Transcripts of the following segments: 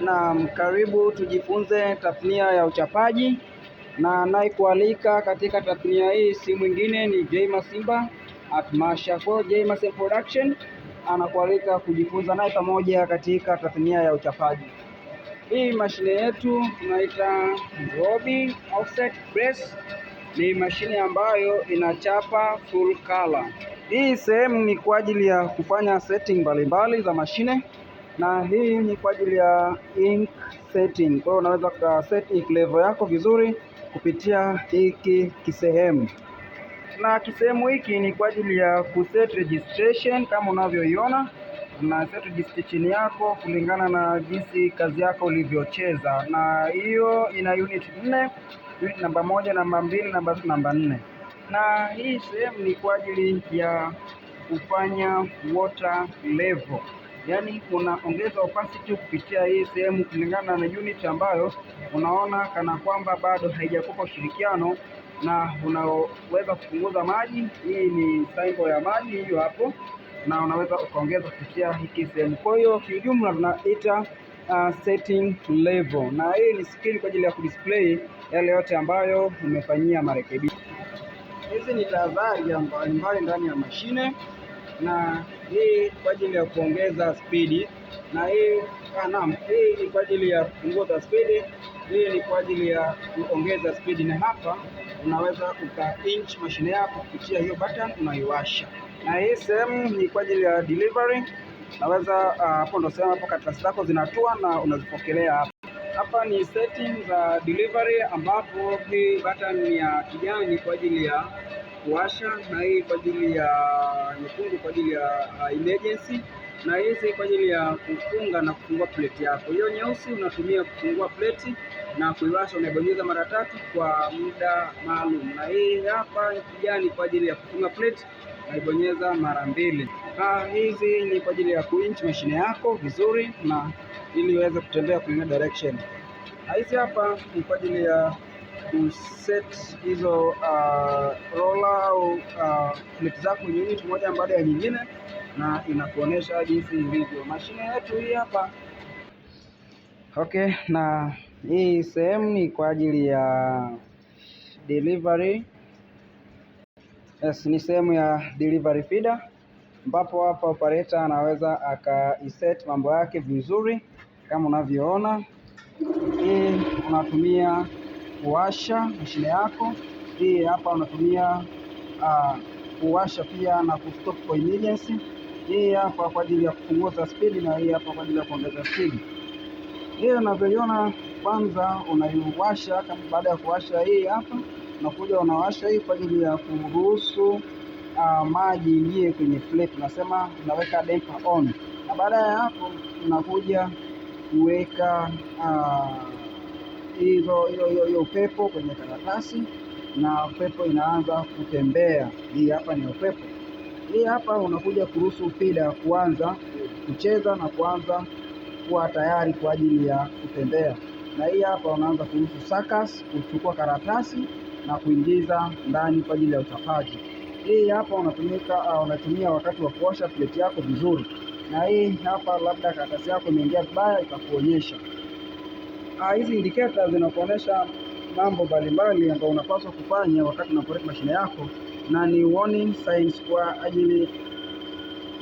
Naam, karibu tujifunze tasnia ya uchapaji, na anayekualika katika tasnia hii si mwingine ni Jay Simba at Masha for Jay Production, anakualika kujifunza naye pamoja katika tasnia ya uchapaji. Hii mashine yetu tunaita Robi Offset Press, ni mashine ambayo inachapa full color. Hii sehemu ni kwa ajili ya kufanya setting mbalimbali za mashine na hii ni kwa ajili ya ink setting. Kwa hiyo unaweza ka set ink level yako vizuri kupitia hiki kisehemu, na kisehemu hiki ni kwa ajili ya kuset registration kama unavyoiona na set registration yako kulingana na jinsi kazi yako ulivyocheza, na hiyo ina unit nne, unit namba moja, namba mbili, namba tatu, namba nne. Na hii sehemu ni kwa ajili ya kufanya water level yaani unaongeza opacity kupitia hii sehemu kulingana na unit ambayo unaona kana kwamba bado haijakupa ushirikiano na unaweza kupunguza maji. Hii ni saimbo ya maji hiyo hapo, na unaweza ukaongeza kupitia hiki sehemu. Kwa hiyo kiujumla tunaita uh, setting level, na hii ni skill kwa ajili ya kudisplay yale yote ambayo umefanyia marekebisho. Hizi ni tahadhari mbalimbali ndani ya mashine na hii kwa ajili ya kuongeza spidi, na hii ah, naam, hii ni kwa ajili ya kupunguza spidi, hii ni kwa ajili ya kuongeza spidi. Na hapa unaweza uka inch mashine yako kupitia hiyo button unaiwasha, na hii sehemu ni kwa ajili ya delivery. Unaweza ah, hapo, ndo sehemu hapo karatasi zako zinatua na unazipokelea hapa. Hapa ni setting za delivery, ambapo hii button ya kijani kwa ajili ya kuwasha, na hii kwa ajili ya nyekundu kwa ajili ya uh, emergency, na hizi kwa ajili ya kufunga na kufungua pleti yako. Hiyo nyeusi unatumia kufungua pleti na kuiwasha, unaibonyeza mara tatu kwa muda maalum, na hii hapa kijani kwa ajili ya kufunga pleti naibonyeza mara mbili. Ha, ah, hizi ni kwa ajili ya kuinchi mashine yako vizuri na ili iweze kutembea kwenye direction. Ah, hizi hapa ni kwa ajili ya kuset hizo uh, roller au uh, clip zako unit moja baada ya nyingine, na inakuonesha jinsi ilivyo mashine yetu hii hapa. Okay, na hii sehemu ni kwa ajili ya delivery. Yes, ni sehemu ya delivery feeder ambapo hapa operator anaweza akaiset mambo yake vizuri kama unavyoona. Hii unatumia kuwasha mashine yako. Hii hapa unatumia uh, kuwasha pia na kustop kwa emergency. Hii hapa kwa ajili ya kupunguza spidi na hii hapa kwa ajili ya kuongeza spidi. Hii unavyoiona, kwanza unaiwasha. Kama baada ya kuwasha hii hapa, unakuja unawasha hii kwa ajili ya kuruhusu uh, maji ingie kwenye plate, unasema unaweka damper on, na baada ya hapo unakuja kuweka uh, hizo hiyo upepo kwenye karatasi na upepo inaanza kutembea. Hii hapa ni upepo. Hii hapa unakuja kuruhusu fida kuanza kucheza na kuanza kuwa tayari kwa ajili ya kutembea, na hii hapa unaanza kuruhusu sakas kuchukua karatasi na kuingiza ndani kwa ajili ya uchapaji. Hii hapa unatumika, uh, unatumia wakati wa kuosha plate yako vizuri, na hii hapa labda karatasi yako imeingia vibaya itakuonyesha. Ah, hizi indicator zinakuonyesha mambo mbalimbali ambayo unapaswa kufanya wakati unaporeka mashine yako, na ni warning signs kwa ajili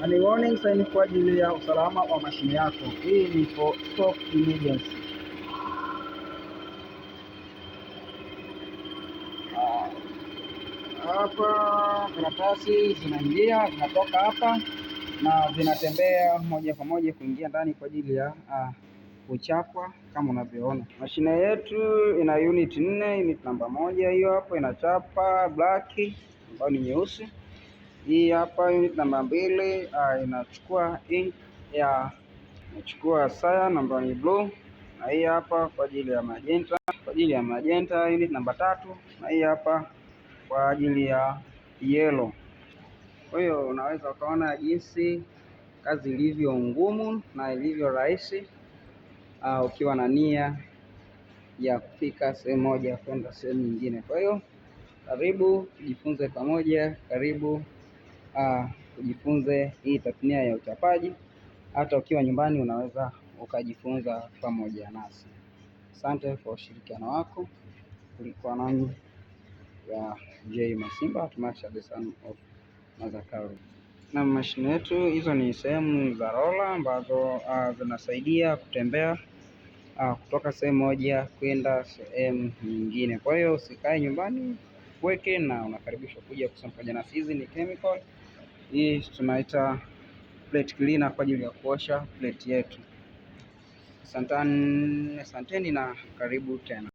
na ni warning sign kwa ajili ya usalama wa mashine yako. Hii ni for stock emergency. Ah, hapa karatasi zinaingia zinatoka hapa na zinatembea moja kwa moja kuingia ndani kwa ajili ya ah, huchapwa kama unavyoona. Mashine yetu ina unit nne. Unit namba moja hiyo hapo inachapa black ambayo ni nyeusi. Hii hapa unit namba mbili uh, inachukua ink ya inachukua cyan ambayo ni blue, na hii hapa kwa ajili ya magenta, kwa ajili ya magenta unit namba tatu, na hii hapa kwa ajili ya yellow. Kwa hiyo unaweza ukaona jinsi kazi ilivyo ngumu na ilivyo rahisi uh, ukiwa na nia ya kufika sehemu moja kwenda sehemu nyingine. Kwa hiyo karibu tujifunze pamoja, karibu uh, tujifunze hii tasnia ya uchapaji. Hata ukiwa nyumbani unaweza ukajifunza pamoja nasi. Asante kwa ushirikiano wako. Kulikuwa nami ya J Masimba tumasha the son of Mazakaru. Na mashine yetu hizo ni sehemu za rola ambazo uh, zinasaidia kutembea Ah, kutoka sehemu moja kwenda sehemu nyingine. Kwa hiyo usikae nyumbani, weke na unakaribishwa kuja kusoma pamoja nasi. Hizi ni chemical, hii tunaita plate cleaner kwa ajili ya kuosha plate yetu. Asanteni na karibu tena.